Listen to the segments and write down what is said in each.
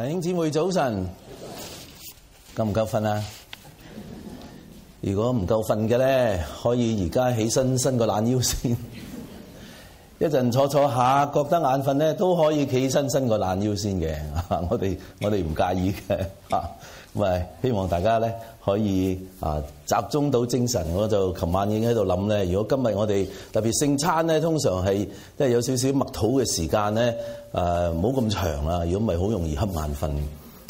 弟兄姊妹早晨，夠唔夠瞓啊？如果唔夠瞓嘅咧，可以而家起身伸個懶腰先。一陣坐坐下，覺得眼瞓咧，都可以企起身伸個懶腰先嘅。我哋我哋唔介意嘅嚇，咁、啊、咪希望大家咧可以啊集中到精神。我就琴晚已經喺度諗咧，如果今日我哋特別聖餐咧，通常係即係有少少默禱嘅時間咧，誒唔好咁長啊，如果唔係好容易瞌眼瞓。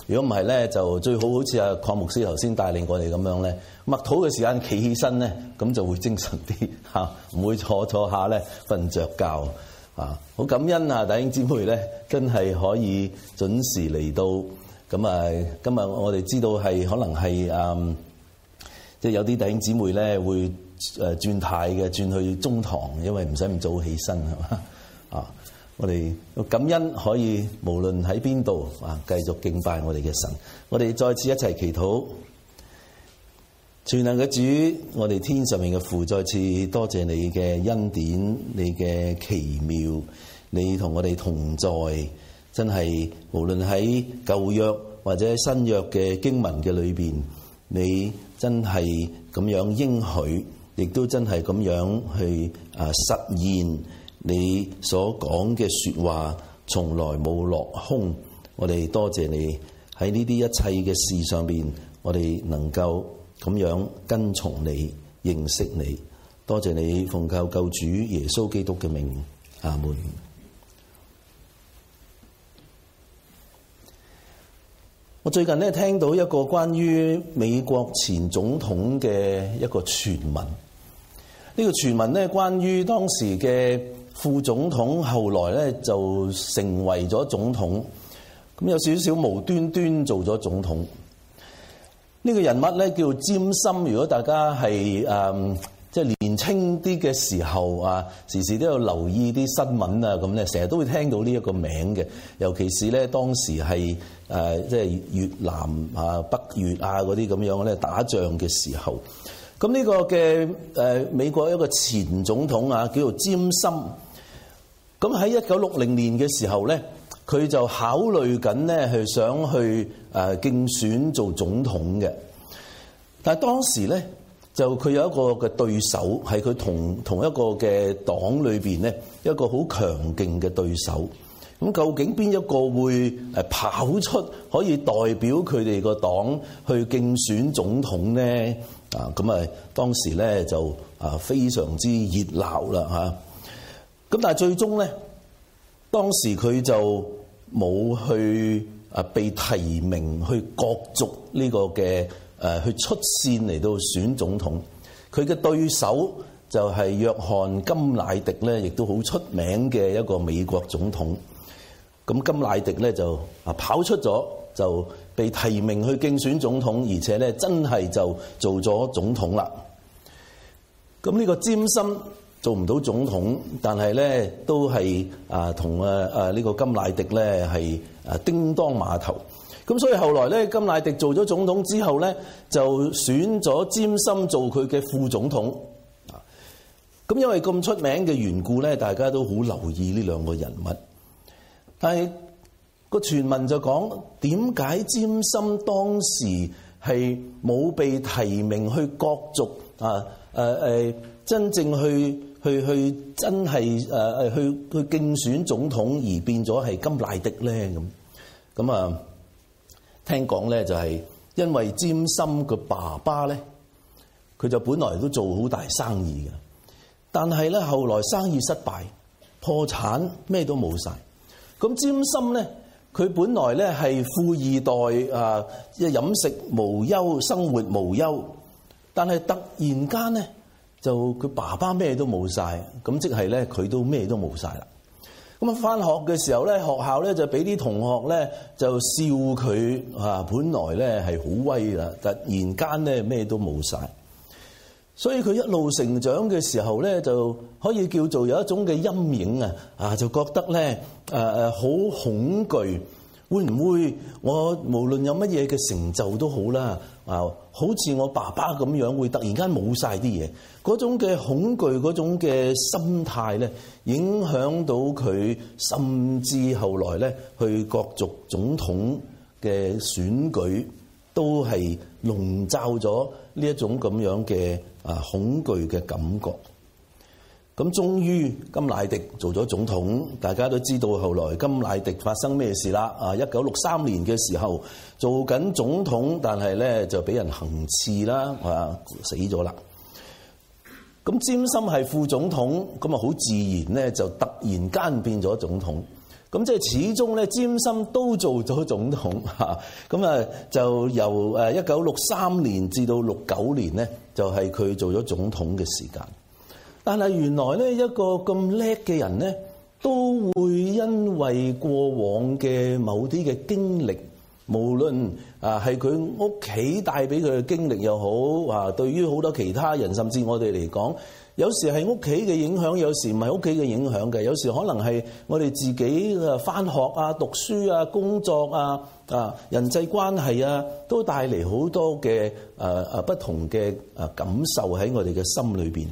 如果唔係咧，就最好好似阿鄺牧師頭先帶領我哋咁樣咧，默土嘅時間企起身咧，咁就會精神啲嚇，唔、啊、會坐坐下咧瞓着覺嚇。好、啊、感恩啊，弟兄姊妹咧，真係可以準時嚟到。咁啊，今日我哋知道係可能係嗯，即、啊、係、就是、有啲弟兄姊妹咧會誒轉態嘅，轉去中堂，因為唔使咁早起身係嘛？我哋感恩可以無論喺邊度啊，繼續敬拜我哋嘅神。我哋再次一齊祈禱，全能嘅主，我哋天上面嘅父，再次多謝你嘅恩典，你嘅奇妙，你同我哋同在，真係無論喺舊約或者新約嘅經文嘅裏邊，你真係咁樣應許，亦都真係咁樣去實現。你所講嘅説話從來冇落空，我哋多謝你喺呢啲一切嘅事上邊，我哋能夠咁樣跟從你、認識你。多謝你奉靠救主耶穌基督嘅名阿們，我最近咧聽到一個關於美國前總統嘅一個傳聞，呢、呢個傳聞呢，關於當時嘅。副總統後來咧就成為咗總統，咁有少少無端端做咗總統。呢、這個人物咧叫詹森，如果大家係誒即係年輕啲嘅時候啊，時時都有留意啲新聞啊，咁咧成日都會聽到呢一個名嘅。尤其是咧當時係誒即係越南啊、北越啊嗰啲咁樣咧打仗嘅時候，咁、嗯、呢、這個嘅誒、啊、美國一個前總統啊，叫做詹森。咁喺一九六零年嘅時候咧，佢就考慮緊咧係想去誒競選做總統嘅。但係當時咧，就佢有一個嘅對手係佢同同一個嘅黨裏面，咧一個好強勁嘅對手。咁究竟邊一個會誒跑出可以代表佢哋個黨去競選總統咧？啊，咁啊當時咧就啊非常之熱鬧啦嚇。咁但係最終咧，當時佢就冇去啊被提名去角逐呢個嘅誒、啊、去出線嚟到選總統。佢嘅對手就係約翰金乃迪咧，亦都好出名嘅一個美國總統。咁、啊、金乃迪咧就啊跑出咗，就被提名去競選總統，而且咧真係就做咗總統啦。咁、啊、呢、這個尖心，做唔到總統，但係咧都係啊，同啊啊呢個金乃迪咧係啊叮當碼頭。咁所以後來咧，金乃迪做咗總統之後咧，就選咗詹森做佢嘅副總統。咁、啊、因為咁出名嘅緣故咧，大家都好留意呢兩個人物。但係個傳聞就講，點解詹森當時係冇被提名去角逐啊？誒真正去去去，真係誒去去競選總統而變咗係甘迺迪咧，咁。咁啊，聽講咧就係因為占森嘅爸爸咧，佢就本來都做好大生意嘅，但係咧後來生意失敗破產，咩都冇晒。咁占森咧，佢本來咧係富二代啊，即係飲食無憂，生活無憂。但係突然間咧，就佢爸爸咩都冇晒，咁即係咧佢都咩都冇晒啦。咁啊返學嘅時候咧，學校咧就俾啲同學咧就笑佢啊，本來咧係好威啦，突然間咧咩都冇晒。所以佢一路成長嘅時候咧，就可以叫做有一種嘅陰影啊，啊就覺得咧誒好恐懼。會唔會我無論有乜嘢嘅成就都好啦，啊，好似我爸爸咁樣會突然間冇晒啲嘢，嗰種嘅恐懼，嗰種嘅心態咧，影響到佢，甚至後來咧去角逐總統嘅選舉都係籠罩咗呢一種咁樣嘅啊恐懼嘅感覺。咁終於金乃迪做咗總統，大家都知道後來金乃迪發生咩事啦？啊，一九六三年嘅時候做緊總統，但係咧就俾人行刺啦，死咗啦。咁詹森係副總統，咁啊好自然咧就突然間變咗總統。咁即係始終咧詹森都做咗總統嚇。咁啊就由誒一九六三年至到六九年咧，就係佢做咗總統嘅時間。但係原來咧，一個咁叻嘅人咧，都會因為過往嘅某啲嘅經歷，無論啊係佢屋企帶俾佢嘅經歷又好，啊對於好多其他人，甚至我哋嚟講，有時係屋企嘅影響，有時唔係屋企嘅影響嘅，有時可能係我哋自己返翻學啊、讀書啊、工作啊、啊人際關係啊，都帶嚟好多嘅不同嘅感受喺我哋嘅心裏面。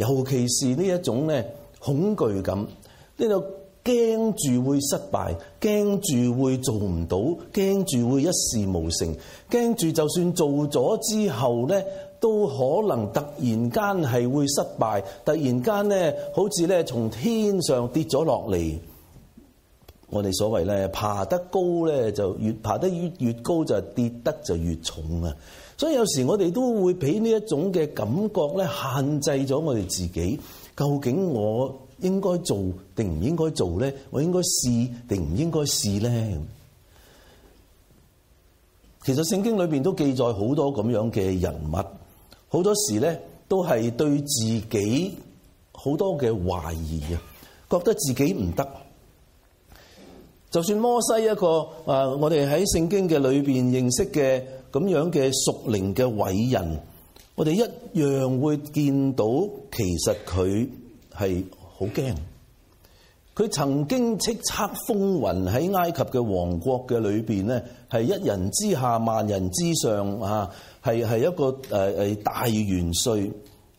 尤其是呢一種咧恐懼感，呢個驚住會失敗，驚住會做唔到，驚住會一事無成，驚住就算做咗之後咧，都可能突然間係會失敗，突然間咧好似咧從天上跌咗落嚟。我哋所謂咧，爬得高咧就越爬得越越高，就跌得就越重啊！所以有時我哋都會俾呢一種嘅感覺咧，限制咗我哋自己。究竟我應該做定唔應該做咧？我應該試定唔應該試咧？其實聖經裏面都記載好多咁樣嘅人物，好多時咧都係對自己好多嘅懷疑啊，覺得自己唔得。就算摩西一個啊，我哋喺聖經嘅裏面認識嘅。咁樣嘅屬靈嘅偉人，我哋一樣會見到，其實佢係好驚。佢曾經叱咤風雲喺埃及嘅王國嘅裏邊呢，係一人之下萬人之上啊，係係一個誒誒大元帥。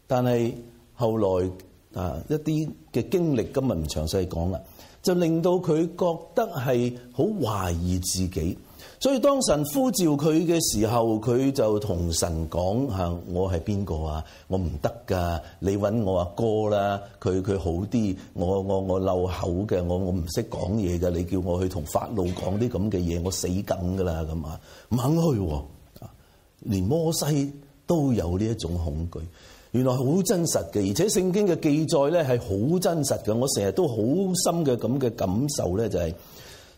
但係後來啊，一啲嘅經歷，今日唔詳細講啦，就令到佢覺得係好懷疑自己。所以當神呼召佢嘅時候，佢就同神講吓，我係邊個啊？我唔得噶，你搵我阿哥啦！佢佢好啲，我我我漏口嘅，我我唔識講嘢㗎。你叫我去同法老講啲咁嘅嘢，我死梗噶啦。咁啊，唔肯去喎、啊。連摩西都有呢一種恐懼，原來好真實嘅，而且聖經嘅記載咧係好真實嘅。我成日都好深嘅咁嘅感受咧、就係，就係。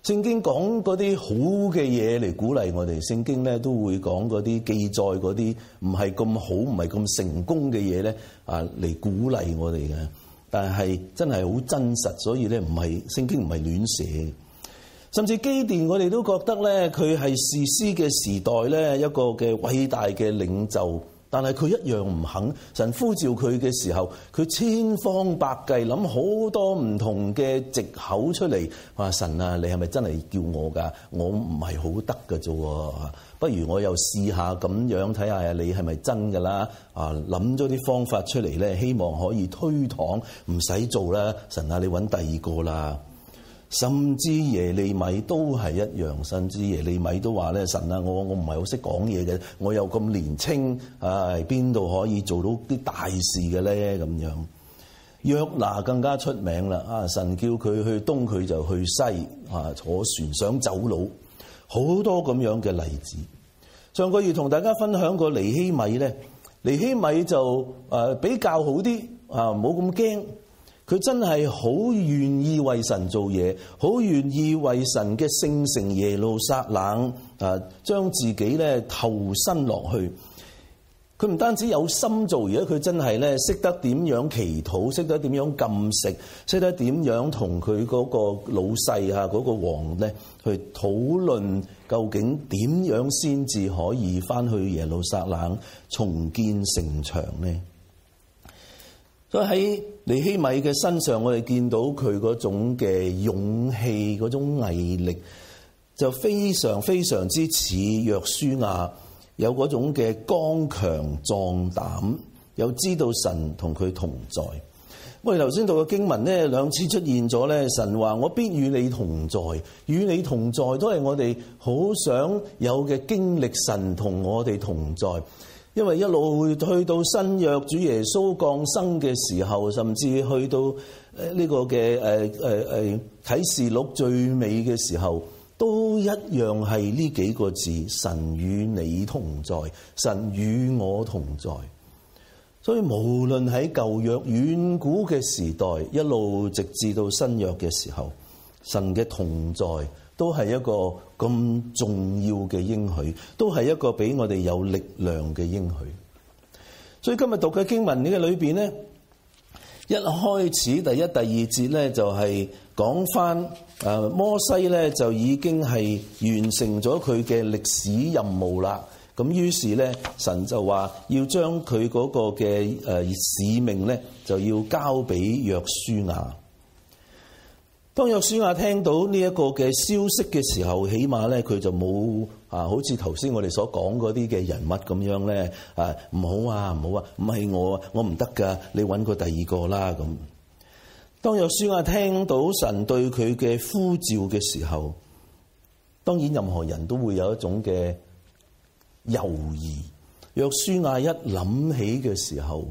聖經講嗰啲好嘅嘢嚟鼓勵我哋，聖經咧都會講嗰啲記載嗰啲唔係咁好、唔係咁成功嘅嘢咧，啊嚟鼓勵我哋嘅，但係真係好真實，所以咧唔係聖經唔係亂寫嘅，甚至基甸我哋都覺得咧佢係士師嘅時代咧一個嘅偉大嘅領袖。但係佢一樣唔肯，神呼召佢嘅時候，佢千方百計諗好多唔同嘅藉口出嚟，話、啊、神啊，你係咪真係叫我㗎？我唔係好得嘅啫，不如我又試下咁樣睇下，看看你係咪真㗎啦？啊，諗咗啲方法出嚟咧，希望可以推搪，唔使做啦。神啊，你揾第二個啦。甚至耶利米都係一樣，甚至耶利米都話咧：神啊，我我唔係好識講嘢嘅，我又咁年輕，啊，邊度可以做到啲大事嘅咧？咁樣約拿更加出名啦！啊，神叫佢去東，佢就去西，啊，坐船想走佬，好多咁樣嘅例子。上個月同大家分享過尼希米咧，尼希米就誒比較好啲，啊，冇咁驚。佢真係好願意為神做嘢，好願意為神嘅聖城耶路撒冷啊，將自己咧投身落去。佢唔單止有心做事，而家佢真係咧識得點樣祈禱，識得點樣禁食，識得點樣同佢嗰個老細啊、嗰、嗰個王咧去討論，究竟點樣先至可以翻去耶路撒冷重建城牆咧？都喺尼希米嘅身上，我哋見到佢嗰種嘅勇氣，嗰種毅力，就非常非常之似約書亞，有嗰種嘅剛強壯膽，又知道神同佢同在。我哋頭先讀嘅經文咧，兩次出現咗咧，神話我必與你同在，與你同在，都係我哋好想有嘅經歷，神同我哋同在。因為一路去到新約主耶穌降生嘅時候，甚至去到呢個嘅誒誒誒啟示錄最尾嘅時候，都一樣係呢幾個字：神與你同在，神與我同在。所以無論喺舊約遠古嘅時代，一路直至到新約嘅時候，神嘅同在。都係一個咁重要嘅應許，都係一個俾我哋有力量嘅應許。所以今日讀嘅經文呢個裏邊咧，一開始第一、第二節咧就係講返誒摩西咧就已經係完成咗佢嘅歷史任務啦。咁於是咧神就話要將佢嗰個嘅誒使命咧就要交俾約書亞。當約書亞聽到呢一個嘅消息嘅時候，起碼咧佢就冇啊，好似頭先我哋所講嗰啲嘅人物咁樣咧啊，唔好啊，唔好啊，唔係我，我唔得噶，你揾個第二個啦咁。當約書亞聽到神對佢嘅呼召嘅時候，當然任何人都會有一種嘅猶豫。約書亞一諗起嘅時候。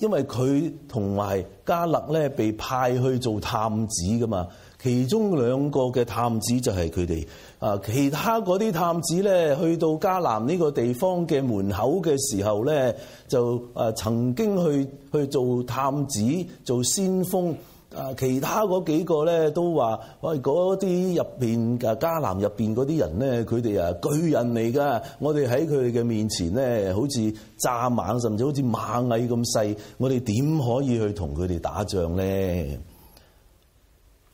因為佢同埋迦勒咧被派去做探子㗎嘛，其中兩個嘅探子就係佢哋啊，其他嗰啲探子咧去到迦南呢個地方嘅門口嘅時候咧，就啊曾經去去做探子做先鋒。啊！其他嗰幾個咧都話：，喂、哎，嗰啲入面，嘅迦南入面嗰啲人咧，佢哋啊巨人嚟㗎！我哋喺佢哋嘅面前咧，好似蚱蜢，甚至好似螞蟻咁細，我哋點可以去同佢哋打仗咧？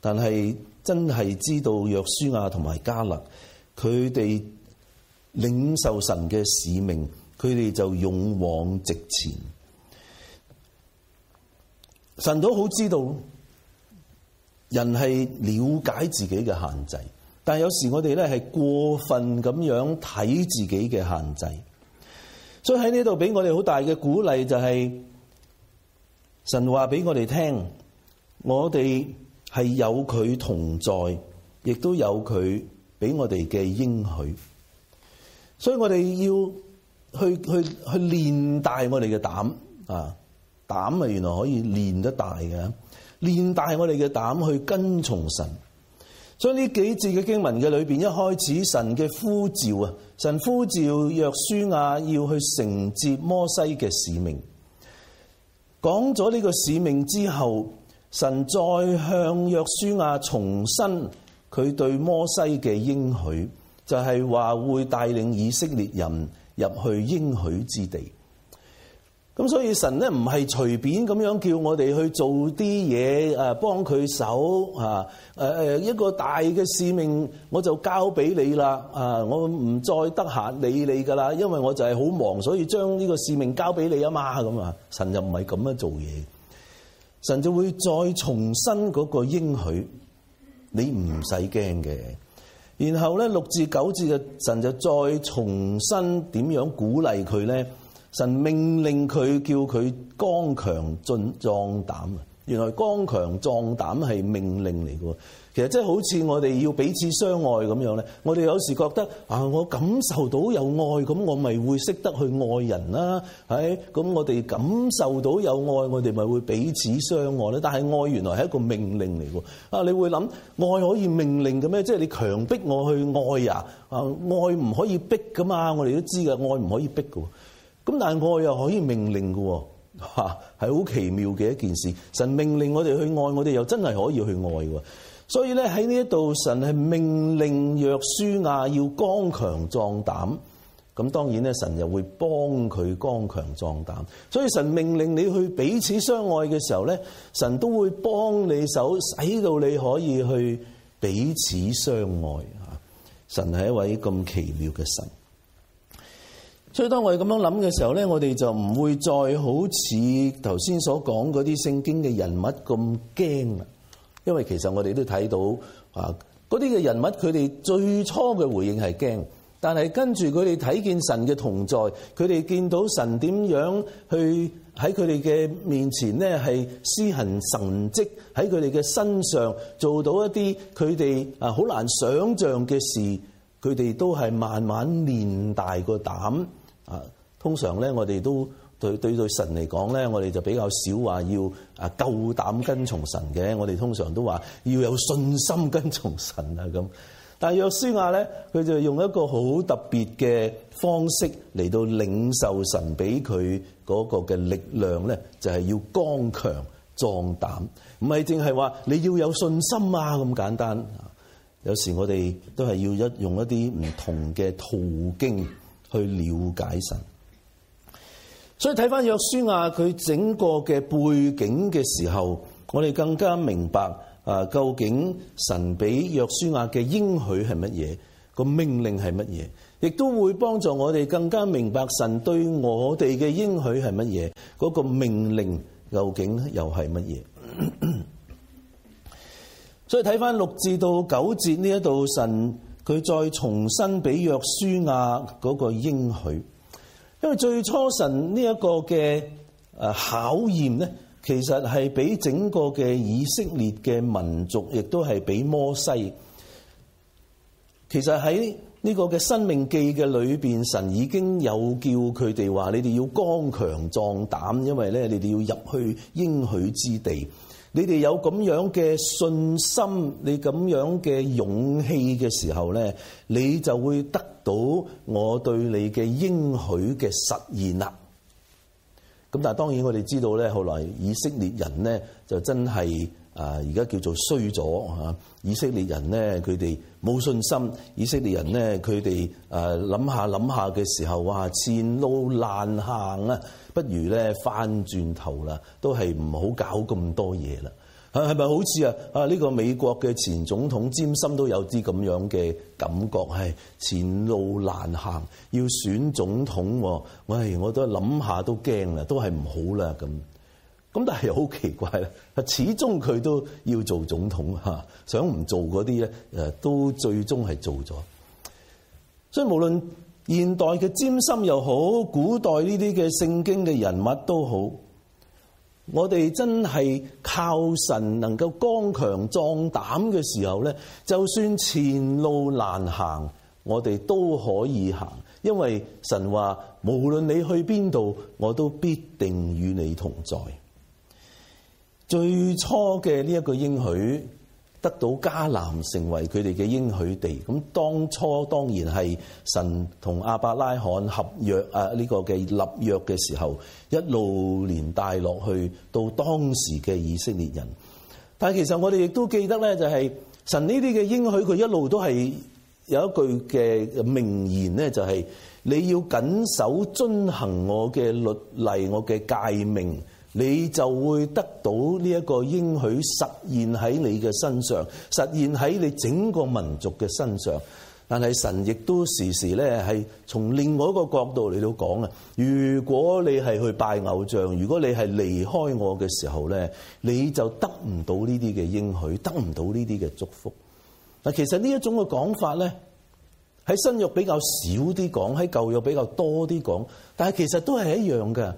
但係真係知道約書亞，同埋迦勒，佢哋領受神嘅使命，佢哋就勇往直前。神都好知道。人係了解自己嘅限制，但係有時我哋咧係過分咁樣睇自己嘅限制，所以喺呢度俾我哋好大嘅鼓勵就係神話俾我哋聽，我哋係有佢同在，亦都有佢俾我哋嘅應許，所以我哋要去去去練大我哋嘅膽啊，膽啊原來可以練得大嘅。練大我哋嘅膽去跟從神，所以呢幾節嘅經文嘅裏邊，一開始神嘅呼召啊，神呼召約書亞要去承接摩西嘅使命，講咗呢個使命之後，神再向約書亞重申佢對摩西嘅應許，就係話會帶領以色列人入去應許之地。咁、嗯、所以神咧唔係隨便咁樣叫我哋去做啲嘢，誒幫佢手吓，誒、啊、誒一個大嘅使命我就交俾你啦，啊我唔再得閒理你噶啦，因為我就係好忙，所以將呢個使命交俾你啊嘛，咁啊神又唔係咁樣做嘢，神就會再重新申嗰個應許，你唔使驚嘅。然後咧六字九字嘅神就再重新點樣鼓勵佢咧？神命令佢叫佢剛強、進壯膽啊！原來剛強、壯膽係命令嚟嘅。其實即係好似我哋要彼此相愛咁樣咧。我哋有時覺得啊，我感受到有愛，咁我咪會識得去愛人啦。係咁我哋感受到有愛，我哋咪會彼此相愛咧。但係愛原來係一個命令嚟嘅。啊，你會諗愛可以命令嘅咩？即係你強迫我去愛呀？啊，愛唔可以逼噶嘛？我哋都知㗎。愛唔可以逼㗎。咁但係愛又可以命令㗎，吓係好奇妙嘅一件事。神命令我哋去愛，我哋又真係可以去愛喎。所以咧，喺呢一度，神係命令約書亞要剛強壯膽。咁當然咧，神又會幫佢剛強壯膽。所以神命令你去彼此相愛嘅時候咧，神都會幫你手，使到你可以去彼此相愛。吓，神係一位咁奇妙嘅神。所以當我哋咁樣諗嘅時候咧，我哋就唔會再好似頭先所講嗰啲聖經嘅人物咁驚啦。因為其實我哋都睇到啊，嗰啲嘅人物佢哋最初嘅回應係驚，但係跟住佢哋睇見神嘅同在，佢哋見到神點樣去喺佢哋嘅面前呢係施行神蹟，喺佢哋嘅身上做到一啲佢哋啊好難想像嘅事，佢哋都係慢慢練大個膽。啊，通常咧，我哋都對對對神嚟講咧，我哋就比較少話要啊夠膽跟從神嘅，我哋通常都話要有信心跟從神啊咁。但係約書亞咧，佢就用一個好特別嘅方式嚟到領受神俾佢嗰個嘅力量咧，就係要剛強壯膽，唔係淨係話你要有信心啊咁簡單。有時我哋都係要一用一啲唔同嘅途徑去了解神，所以睇翻約書亞佢整個嘅背景嘅時候，我哋更加明白啊，究竟神俾約書亞嘅應許係乜嘢，個命令係乜嘢，亦都會幫助我哋更加明白神對我哋嘅應許係乜嘢，嗰個命令究竟又係乜嘢。所以睇翻六至到九節呢一度神。佢再重新俾約書亞嗰個應許，因為最初神呢一個嘅誒考驗咧，其實係俾整個嘅以色列嘅民族，亦都係俾摩西。其實喺呢個嘅申命記嘅裏邊，神已經有叫佢哋話：你哋要剛強壯膽，因為咧你哋要入去應許之地。你哋有咁樣嘅信心，你咁樣嘅勇氣嘅時候咧，你就會得到我對你嘅應許嘅實現啦。咁但係當然我哋知道咧，後來以色列人咧就真係啊而家叫做衰咗嚇，以色列人咧佢哋，冇信心，以色列人呢，佢哋誒諗下諗下嘅時候，哇，前路難行啊，不如咧翻轉頭啦，都係唔好搞咁多嘢啦。係，係咪好似啊啊呢、這個美國嘅前總統詹森都有啲咁樣嘅感覺，係前路難行，要選總統，啊，喂，哎，我都諗下都驚啦，都係唔好啦咁。咁但係好奇怪，始終佢都要做總統吓，想唔做嗰啲咧，誒都最終係做咗。所以無論現代嘅尖心又好，古代呢啲嘅聖經嘅人物都好，我哋真係靠神能夠剛強壯膽嘅時候咧，就算前路難行，我哋都可以行，因為神話無論你去邊度，我都必定與你同在。最初嘅呢一個應許得到迦南成為佢哋嘅應許地。咁當初當然係神同亞伯拉罕合約啊，呢個嘅立約嘅時候，一路連帶落去到當時嘅以色列人。但係其實我哋亦都記得咧、就是，就係神呢啲嘅應許，佢一路都係有一句嘅名言咧，就係、是、你要謹守遵行我嘅律例，我嘅誡命。你就會得到呢一個應許實現喺你嘅身上，實現喺你整個民族嘅身上。但係神亦都時時咧係從另外一個角度嚟到講啊，如果你係去拜偶像，如果你係離開我嘅時候咧，你就得唔到呢啲嘅應許，得唔到呢啲嘅祝福。嗱，其實呢一種嘅講法咧，喺新約比較少啲講，喺舊約比較多啲講，但係其實都係一樣嘅。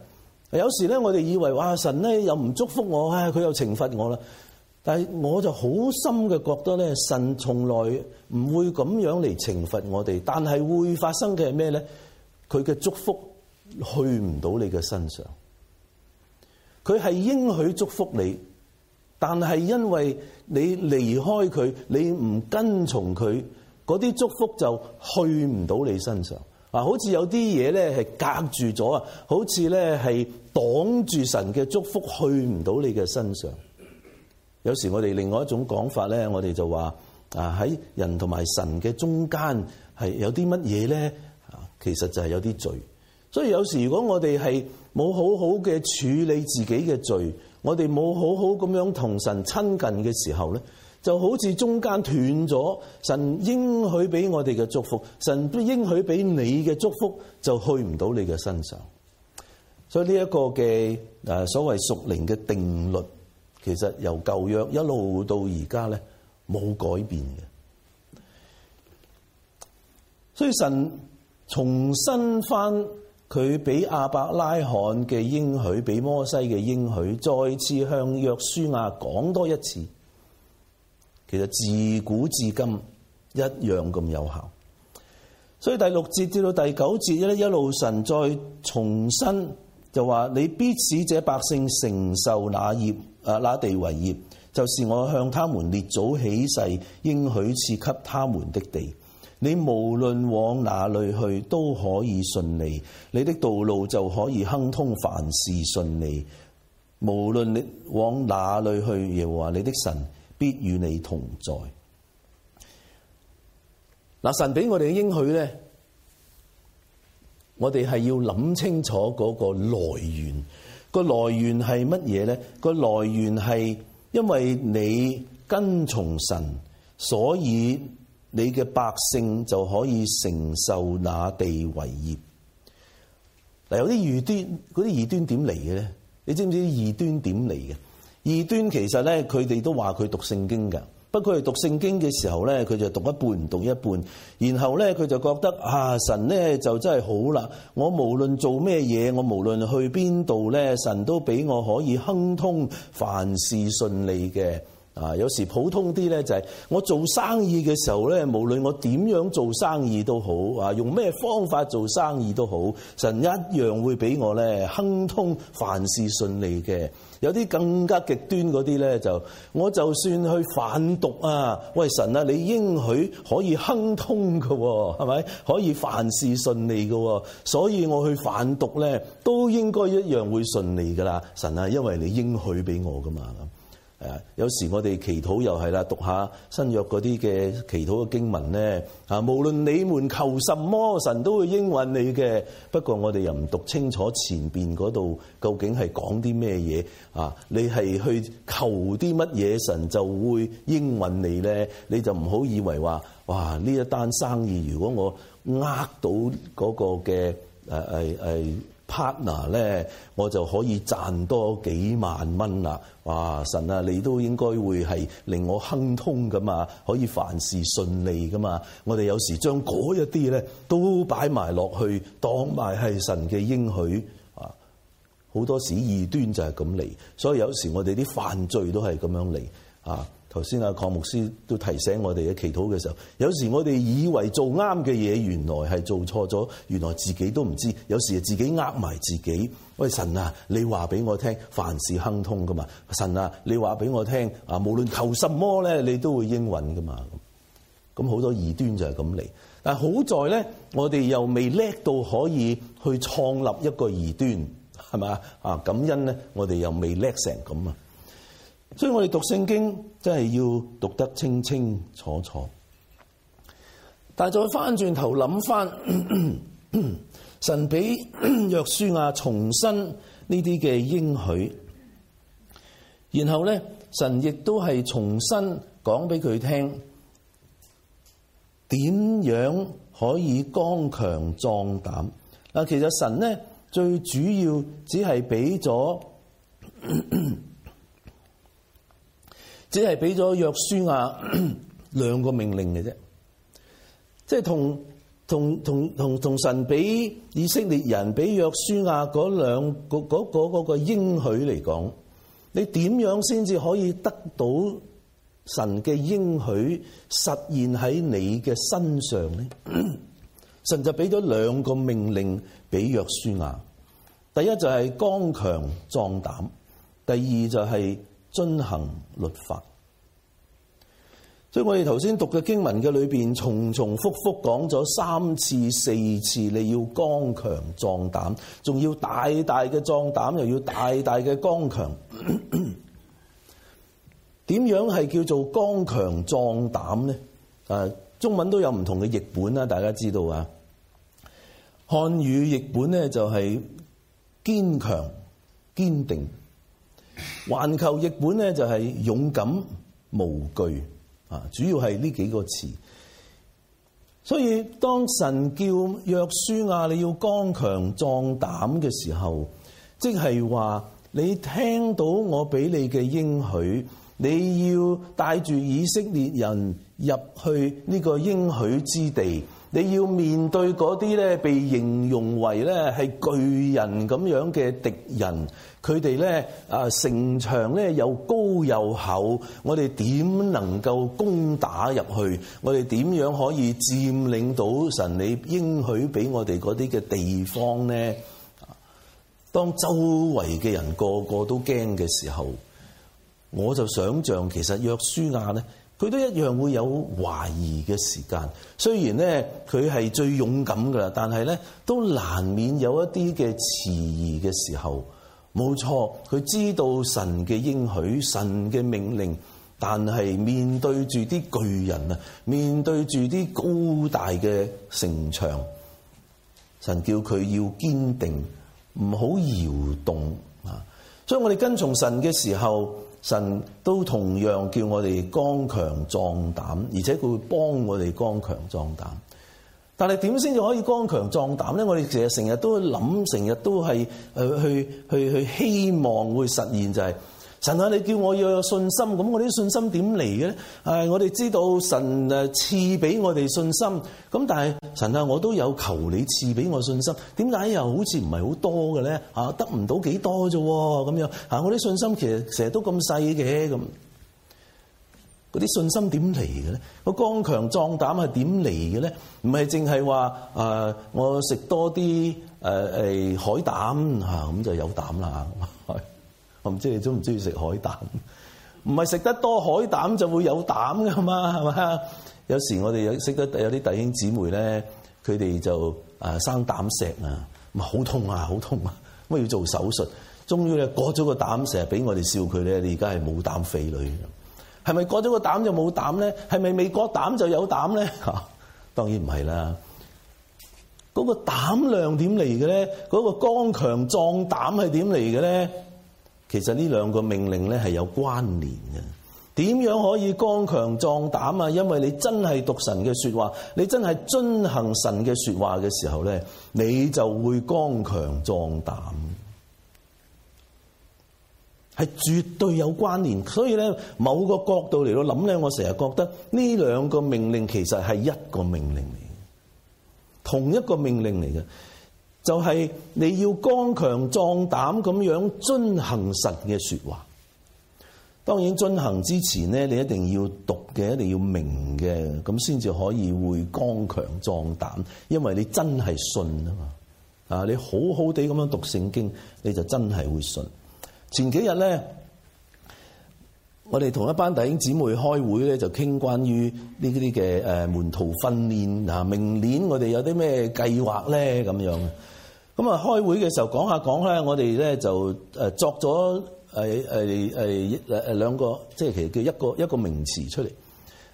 有時咧，我哋以為哇，神咧又唔祝福我，唉，佢又懲罰我啦。但係我就好深嘅覺得咧，神從來唔會咁樣嚟懲罰我哋。但係會發生嘅係咩咧？佢嘅祝福去唔到你嘅身上。佢係應許祝福你，但係因為你離開佢，你唔跟從佢，嗰啲祝福就去唔到你身上。嗱，好似有啲嘢咧係隔住咗啊，好似咧係擋住神嘅祝福去唔到你嘅身上。有時我哋另外一種講法咧，我哋就話啊，喺人同埋神嘅中間係有啲乜嘢咧？其實就係有啲罪。所以有時如果我哋係冇好好嘅處理自己嘅罪，我哋冇好好咁樣同神親近嘅時候咧。就好似中間斷咗，神應許俾我哋嘅祝福，神都應許俾你嘅祝福就去唔到你嘅身上，所以呢一個嘅誒所謂屬靈嘅定律，其實由舊約一路到而家咧冇改變嘅，所以神重新返佢俾亞伯拉罕嘅應許，俾摩西嘅應許，再次向約書亞講多一次。其實自古至今一樣咁有效，所以第六節至到第九節一路神再重申：「就話：你必使這百姓承受那業啊，那地為業，就是我向他們列祖起誓應許賜給他們的地。你無論往哪裏去都可以順利，你的道路就可以亨通，凡事順利。無論你往哪裏去，耶和華你的神。必與你同在。嗱，神俾我哋嘅應許咧，我哋係要諗清楚嗰個來源。個來源係乜嘢咧？個來源係因為你跟從神，所以你嘅百姓就可以承受那地為業。嗱，有啲異端，嗰啲異端點嚟嘅咧？你知唔知啲異端點嚟嘅？異端其實咧，佢哋都話佢讀聖經㗎。不過佢讀聖經嘅時候咧，佢就讀一半唔讀一半，然後咧佢就覺得啊，神咧就真係好啦，我無論做咩嘢，我無論去邊度咧，神都俾我可以亨通，凡事順利嘅。啊，有時普通啲咧就係我做生意嘅時候咧，無論我點樣做生意都好，啊，用咩方法做生意都好，神一樣會俾我咧亨通，凡事順利嘅。有啲更加極端嗰啲咧，就我就算去販毒啊，喂神啊，你應許可以亨通㗎喎，係咪？可以凡事順利㗎喎。所以我去販毒咧，都應該一樣會順利㗎啦。神啊，因為你應許俾我㗎嘛。誒有時我哋祈禱又係啦，讀下新約嗰啲嘅祈禱嘅經文咧。啊，無論你們求什麼，神都會應允你嘅。不過我哋又唔讀清楚前邊嗰度究竟係講啲咩嘢啊？你係去求啲乜嘢，神就會應允你咧。你就唔好以為話，哇！呢一單生意如果我呃到嗰個嘅誒誒誒 partner 咧，我就可以賺多幾萬蚊啦！哇，神啊，你都應該會係令我亨通㗎嘛，可以凡事順利㗎嘛。我哋有時將嗰一啲咧都擺埋落去，當埋係神嘅應許啊！好多時異端就係咁嚟，所以有時我哋啲犯罪都係咁樣嚟啊！頭先阿鄺牧師都提醒我哋嘅祈禱嘅時候，有時我哋以為做啱嘅嘢，原來係做錯咗，原來自己都唔知道，有時自己呃埋自己。喂，神啊，你話俾我聽，凡事亨通噶嘛？神啊，你話俾我聽啊，無論求什麼咧，你都會應允噶嘛？咁好多異端就係咁嚟，但係好在咧，我哋又未叻到可以去創立一個異端，係咪啊？感恩咧，我哋又未叻成咁啊！所以我哋讀聖經真係要讀得清清楚楚，但再翻轉頭諗翻，神俾約書亞重申呢啲嘅應許，然後咧，神亦都係重新講俾佢聽，點樣可以剛強壯膽？嗱，其實神咧最主要只係俾咗。呵呵只係俾咗約書亞兩個命令嘅啫，即係同同同同同神俾以色列人俾約書亞嗰兩個嗰、嗰個應許嚟講，嗰個嗰個、講你點樣先至可以得到神嘅應許實現喺你嘅身上呢？神就俾咗兩個命令俾約書亞，第一就係剛強壯膽，第二就係、是。遵行律法，所以我哋頭先讀嘅經文嘅裏邊，重重復復講咗三次四次，你要剛強壯膽，仲要大大嘅壯膽，又要大大嘅剛強。點咳咳樣係叫做剛強壯膽呢？誒，中文都有唔同嘅譯本啦，大家知道啊？漢語譯本呢，就係堅強、堅定。環球譯本咧，就係勇敢無懼啊，主要係呢幾個詞。所以當神叫約書亞你要剛強壯膽嘅時候，即係話你聽到我俾你嘅應許，你要帶住以色列人入去呢個應許之地。你要面對嗰啲咧被形容為咧係巨人咁樣嘅敵人，佢哋咧啊城牆咧又高又厚，我哋點能夠攻打入去？我哋點樣可以佔領到神你應許俾我哋嗰啲嘅地方咧？當周圍嘅人個個都驚嘅時候，我就想像其實約書亞咧。佢都一樣會有懷疑嘅時間，雖然咧佢係最勇敢㗎啦，但係咧都難免有一啲嘅遲疑嘅時候。冇錯，佢知道神嘅應許、神嘅命令，但係面對住啲巨人啊，面對住啲高大嘅城牆，神叫佢要堅定，唔好搖動啊！所以我哋跟從神嘅時候。神都同樣叫我哋剛強壯膽，而且佢會幫我哋剛強壯膽。但係點先至可以剛強壯膽咧？我哋其實成日都諗，成日都係誒去去去希望會實現就係、是。神啊！你叫我要有信心，咁我啲信心點嚟嘅咧？我哋知道神誒賜俾我哋信心，咁但係神啊，我都有求你賜俾我信心，點解又好似唔係好多嘅咧？啊，得唔到幾多啫？咁樣啊，我啲信心其實成日都咁細嘅咁，嗰啲信心點嚟嘅咧？個剛強壯膽係點嚟嘅咧？唔係淨係話誒，我食多啲誒誒海膽吓咁就有膽啦。我唔知你中唔中意食海膽，唔係食得多海膽就會有膽㗎嘛，係嘛？有時我哋有識得有啲弟兄姊妹咧，佢哋就生膽石啊，好痛啊，好痛啊，咪要做手術。終於咧割咗個膽石，俾我哋笑佢咧。你而家係冇膽肥女，係咪割咗個膽就冇膽咧？係咪未割膽就有膽咧？嚇、啊，當然唔係啦。嗰、那個膽量點嚟嘅咧？嗰、那個剛強壯膽係點嚟嘅咧？其實呢兩個命令咧係有關聯嘅。點樣可以剛強壯膽啊？因為你真係讀神嘅說話，你真係遵行神嘅說話嘅時候咧，你就會剛強壯膽，係絕對有關聯。所以咧，某個角度嚟到諗咧，我成日覺得呢兩個命令其實係一個命令嚟，同一個命令嚟嘅。就係、是、你要剛強壯膽咁樣遵行神嘅說話。當然遵行之前咧，你一定要讀嘅，一定要明嘅，咁先至可以會剛強壯膽。因為你真係信啊嘛，啊你好好地咁樣讀聖經，你就真係會信。前幾日咧。我哋同一班弟兄姊妹開會咧，就傾關於呢啲嘅誒門徒訓練啊。明年我哋有啲咩計劃咧？咁樣咁啊，開會嘅時候講下講咧，我哋咧就作咗誒兩個，即係其實叫一個一個名詞出嚟。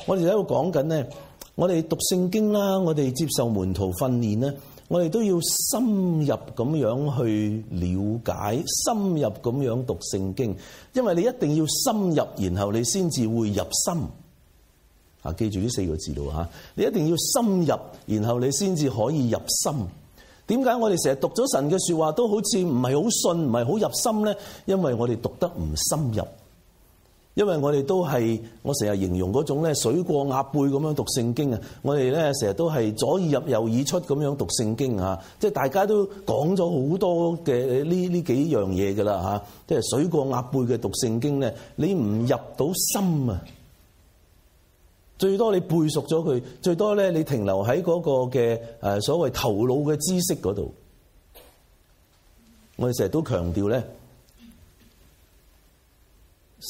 我哋喺度講緊咧，我哋讀聖經啦，我哋接受門徒訓練呢。我哋都要深入咁樣去了解，深入咁樣讀聖經，因為你一定要深入，然後你先至會入心。啊，記住呢四個字度吓，你一定要深入，然後你先至可以入心。點解我哋成日讀咗神嘅說話都好似唔係好信，唔係好入心咧？因為我哋讀得唔深入。因為我哋都係，我成日形容嗰種咧，水過鴨背咁樣讀聖經啊！我哋咧，成日都係左耳入右耳出咁樣讀聖經啊！即係大家都講咗好多嘅呢呢幾樣嘢噶啦嚇，即係水過鴨背嘅讀聖經咧，你唔入到心啊！最多你背熟咗佢，最多咧，你停留喺嗰個嘅誒所謂頭腦嘅知識嗰度。我哋成日都強調咧。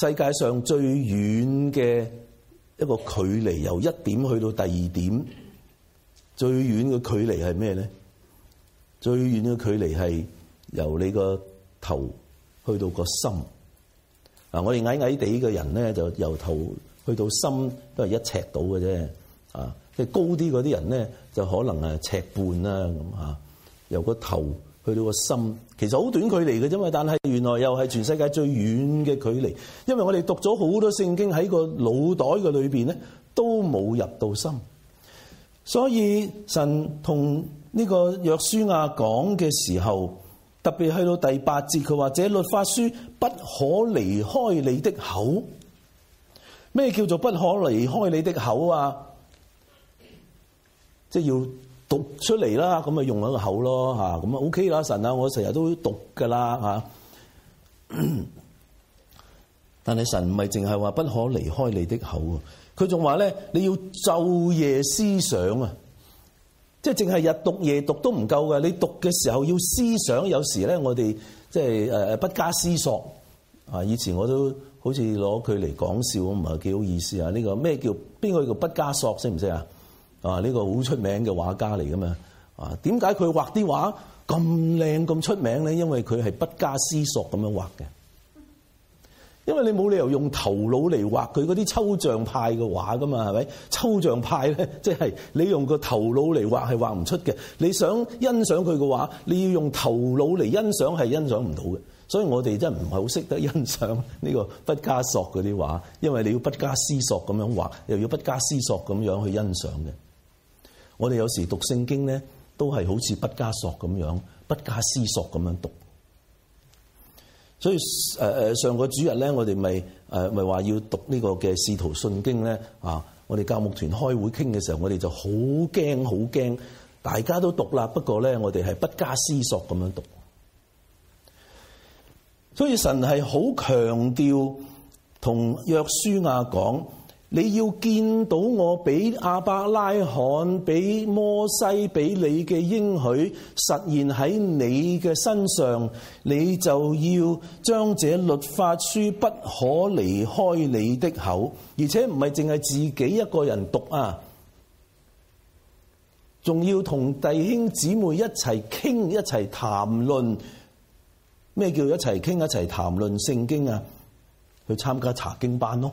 世界上最遠嘅一個距離，由一點去到第二點，最遠嘅距離係咩咧？最遠嘅距離係由你個頭去到個心。嗱，我哋矮矮地嘅人咧，就由頭去到心都係一尺到嘅啫。啊，即係高啲嗰啲人咧，就可能係尺半啦咁吓，由個頭，去到個心，其實好短距離嘅啫嘛，但係原來又係全世界最遠嘅距離，因為我哋讀咗好多聖經喺個腦袋嘅裏邊咧，都冇入到心。所以神同呢個約書亞講嘅時候，特別去到第八節，佢話：這律法書不可離開你的口。咩叫做不可離開你的口啊？即係、就是、要。讀出嚟啦，咁咪用一個口咯，吓咁啊 OK 啦，神啊，我成日都讀噶啦，吓。但係神唔係淨係話不可離開你的口啊，佢仲話咧你要晝夜思想啊，即係淨係日讀夜讀都唔夠噶，你讀嘅時候要思想，有時咧我哋即係誒不加思索啊，以前我都好似攞佢嚟講笑，唔係幾好意思啊。呢個咩叫邊個叫不加索，識唔識啊？啊！呢個好出名嘅畫家嚟噶嘛？啊，點解佢畫啲畫咁靚咁出名咧？因為佢係不加思索咁樣畫嘅。因為你冇理由用頭腦嚟畫佢嗰啲抽象派嘅畫噶嘛？係咪？抽象派咧，即係你用個頭腦嚟畫係畫唔出嘅。你想欣賞佢嘅畫，你要用頭腦嚟欣賞係欣賞唔到嘅。所以我哋真係唔係好識得欣賞呢個畢加索嗰啲畫，因為你要不加思索咁樣畫，又要不加思索咁樣去欣賞嘅。我哋有時讀聖經咧，都係好似不加索咁樣，不加思索咁樣讀。所以誒誒、呃，上個主日咧，我哋咪誒咪話要讀呢個嘅《使徒信經》呢咧啊！我哋教牧團開會傾嘅時候，我哋就好驚好驚，大家都讀啦。不過咧，我哋係不加思索咁樣讀。所以神係好強調同約書亞講。你要見到我俾亞伯拉罕、俾摩西、俾你嘅應許實現喺你嘅身上，你就要將這律法書不可離開你的口，而且唔係淨係自己一個人讀啊，仲要同弟兄姊妹一齊傾、一齊談論，咩叫一齊傾、一齊談論聖經啊？去參加查經班咯，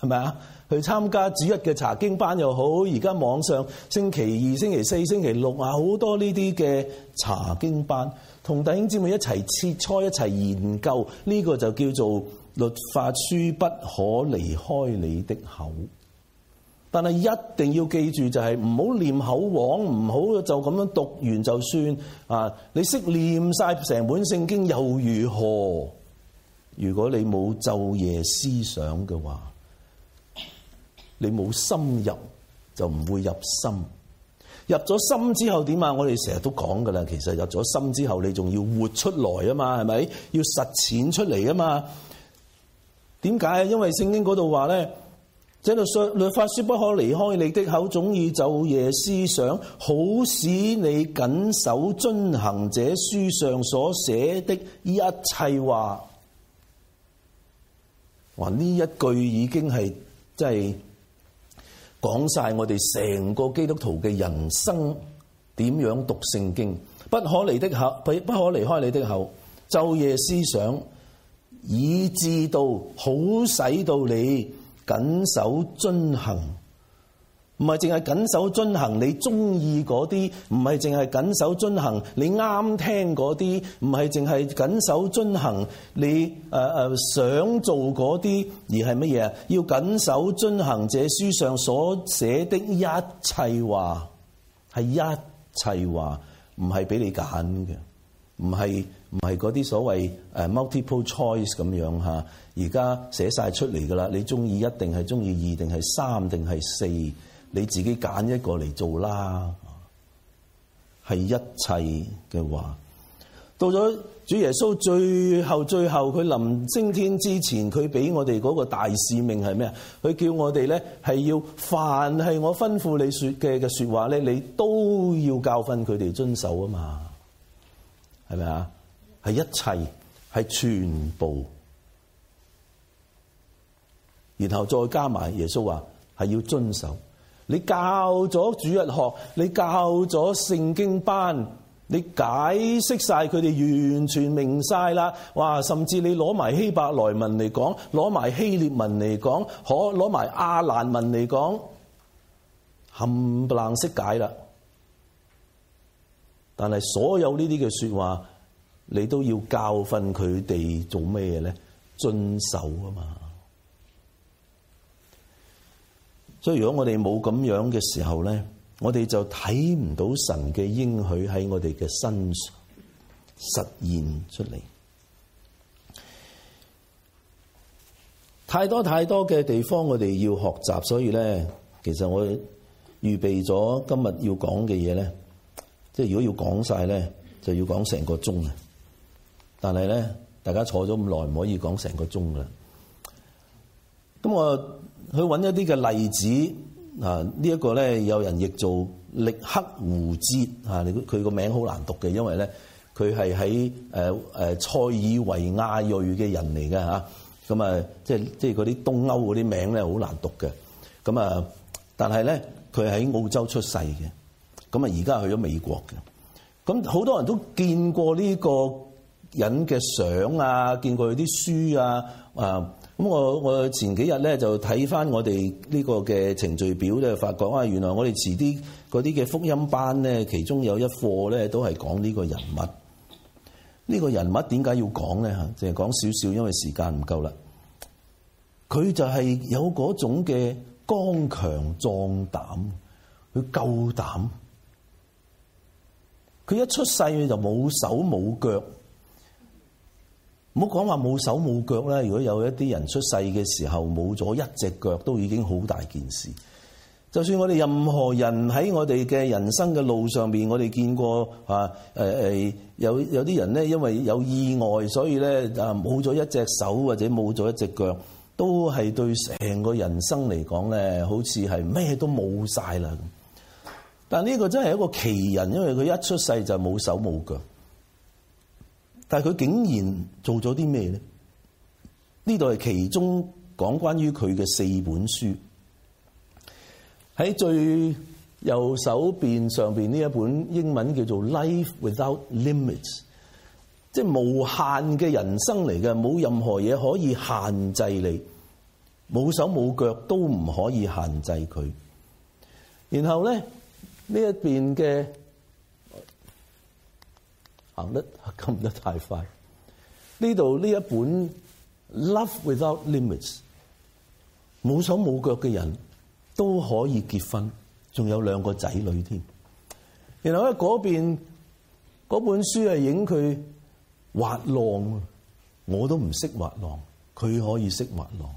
係咪啊？去參加主日嘅查經班又好，而家網上星期二、星期四、星期六啊，好多呢啲嘅查經班，同弟兄姊妹一齊切磋、一齊研究，呢、這個就叫做律法書不可離開你的口。但係一定要記住，就係唔好念口簧，唔好就咁樣讀完就算啊！你識念晒成本聖經又如何？如果你冇晝夜思想嘅話，你冇深入就唔會入心，入咗心之後點啊？我哋成日都講噶啦，其實入咗心之後，你仲要活出來啊嘛，係咪？要實踐出嚟啊嘛？點解啊？因為聖經嗰度話咧，喺度說，律法書不可離開你的口，總要晝夜思想，好使你謹守遵行這書上所寫的一切話。哇，呢一句已經係即係。講晒我哋成個基督徒嘅人生點樣讀聖經，不可離的口，不可離開你的口，晝夜思想，以至到好使到你謹守遵行。唔係淨係謹守遵行你中意嗰啲，唔係淨係謹守遵行你啱聽嗰啲，唔係淨係謹守遵行你誒誒想做嗰啲，而係乜嘢啊？要謹守遵行這書上所寫的一切話，係一切話，唔係俾你揀嘅，唔係唔係嗰啲所謂誒 multiple choice 咁樣吓。而家寫晒出嚟噶啦，你中意一定係中意二，定係三，定係四。你自己揀一個嚟做啦，係一切嘅話。到咗主耶穌最後最後佢臨升天之前，佢俾我哋嗰個大使命係咩啊？佢叫我哋咧，係要凡係我吩咐你說嘅嘅說話咧，你都要教訓佢哋遵守啊嘛，係咪啊？係一切，係全部，然後再加埋耶穌話係要遵守。你教咗主日學，你教咗聖經班，你解釋晒佢哋完全明晒啦。哇，甚至你攞埋希伯來文嚟講，攞埋希臘文嚟講，可攞埋亞蘭文嚟講，冚唪唥識解啦。但係所有呢啲嘅說話，你都要教訓佢哋做咩嘢咧？遵守啊嘛。所以如果我哋冇咁樣嘅時候咧，我哋就睇唔到神嘅應許喺我哋嘅身上實現出嚟。太多太多嘅地方我哋要學習，所以咧，其實我預備咗今日要講嘅嘢咧，即係如果要講晒咧，就要講成個鐘啊！但係咧，大家坐咗咁耐，唔可以講成個鐘噶。咁我。佢揾一啲嘅例子啊，呢一個咧有人譯做力克胡哲嚇，你佢個名好難讀嘅，因為咧佢係喺誒誒塞爾維亞裔嘅人嚟嘅嚇，咁啊即係即係嗰啲東歐嗰啲名咧好難讀嘅，咁啊但係咧佢喺澳洲出世嘅，咁啊而家去咗美國嘅，咁好多人都見過呢個人嘅相啊，見過佢啲書啊，誒。咁我我前幾日咧就睇翻我哋呢個嘅程序表咧，發覺啊，原來我哋遲啲嗰啲嘅福音班咧，其中有一課咧都係講呢個人物。呢個人物點解要講咧嚇？淨係講少少，因為時間唔夠啦。佢就係有嗰種嘅剛強壯膽，佢夠膽。佢一出世就冇手冇腳。唔好講話冇手冇腳啦！如果有一啲人出世嘅時候冇咗一隻腳，都已經好大件事。就算我哋任何人喺我哋嘅人生嘅路上面，我哋見過啊誒誒有有啲人咧，因為有意外，所以咧啊冇咗一隻手或者冇咗一隻腳，都係對成個人生嚟講咧，好似係咩都冇晒啦。但呢個真係一個奇人，因為佢一出世就冇手冇腳。但係佢竟然做咗啲咩咧？呢度係其中講關於佢嘅四本書。喺最右手邊上面呢一本英文叫做《Life Without Limits》，即係無限嘅人生嚟嘅，冇任何嘢可以限制你，冇手冇腳都唔可以限制佢。然後咧呢一邊嘅。行得，行得太快。呢度呢一本《Love Without Limits》，冇手冇腳嘅人都可以結婚，仲有兩個仔女添。然後喺嗰邊嗰本書係影佢滑浪啊，我都唔識滑浪，佢可以識滑浪。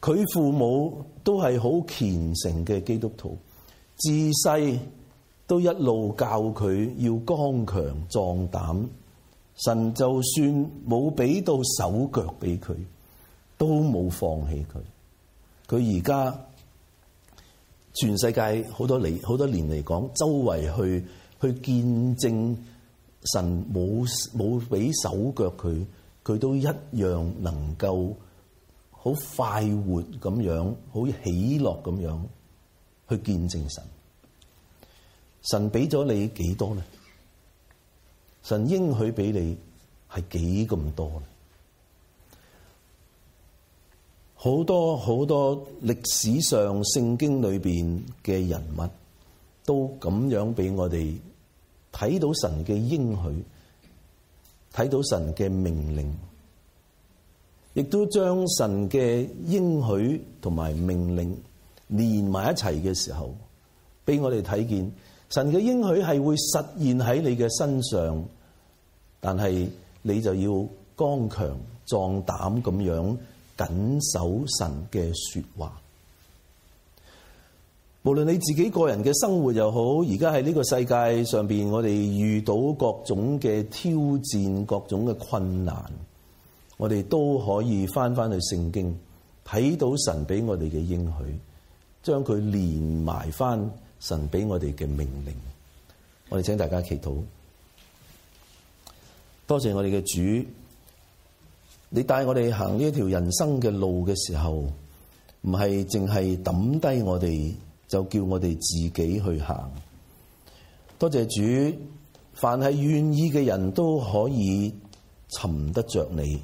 佢父母都係好虔誠嘅基督徒，自細。都一路教佢要剛強壯膽，神就算冇俾到手腳俾佢，都冇放棄佢。佢而家全世界好多嚟，好多年嚟講，周圍去去見證神冇冇俾手腳佢，佢都一樣能夠好快活咁樣，好喜樂咁樣去見證神。神俾咗你幾多呢？神應許俾你係幾咁多呢？好多好多歷史上聖經裏邊嘅人物，都咁樣俾我哋睇到神嘅應許，睇到神嘅命令，亦都將神嘅應許同埋命令連埋一齊嘅時候，俾我哋睇見。神嘅應許係會實現喺你嘅身上，但係你就要剛強、壯膽咁樣謹守神嘅說話。無論你自己個人嘅生活又好，而家喺呢個世界上邊，我哋遇到各種嘅挑戰、各種嘅困難，我哋都可以翻翻去聖經，睇到神俾我哋嘅應許，將佢連埋翻。神俾我哋嘅命令，我哋請大家祈禱。多謝我哋嘅主，你帶我哋行呢一條人生嘅路嘅時候，唔係淨係抌低我哋，就叫我哋自己去行。多謝主，凡係願意嘅人都可以尋得着你，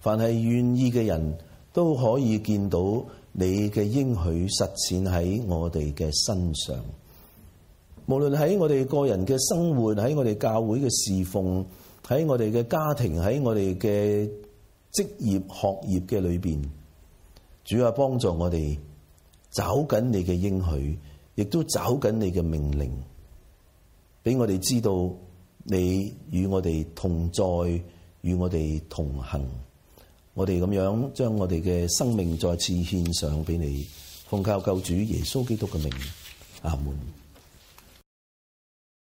凡係願意嘅人都可以見到，你嘅應許實踐喺我哋嘅身上，無論喺我哋個人嘅生活，喺我哋教會嘅侍奉，喺我哋嘅家庭，喺我哋嘅職業學業嘅裏邊，主啊，幫助我哋找緊你嘅應許，亦都找緊你嘅命令，俾我哋知道你與我哋同在，與我哋同行。我哋咁樣將我哋嘅生命再次獻上俾你，奉靠救主耶穌基督嘅名，阿門。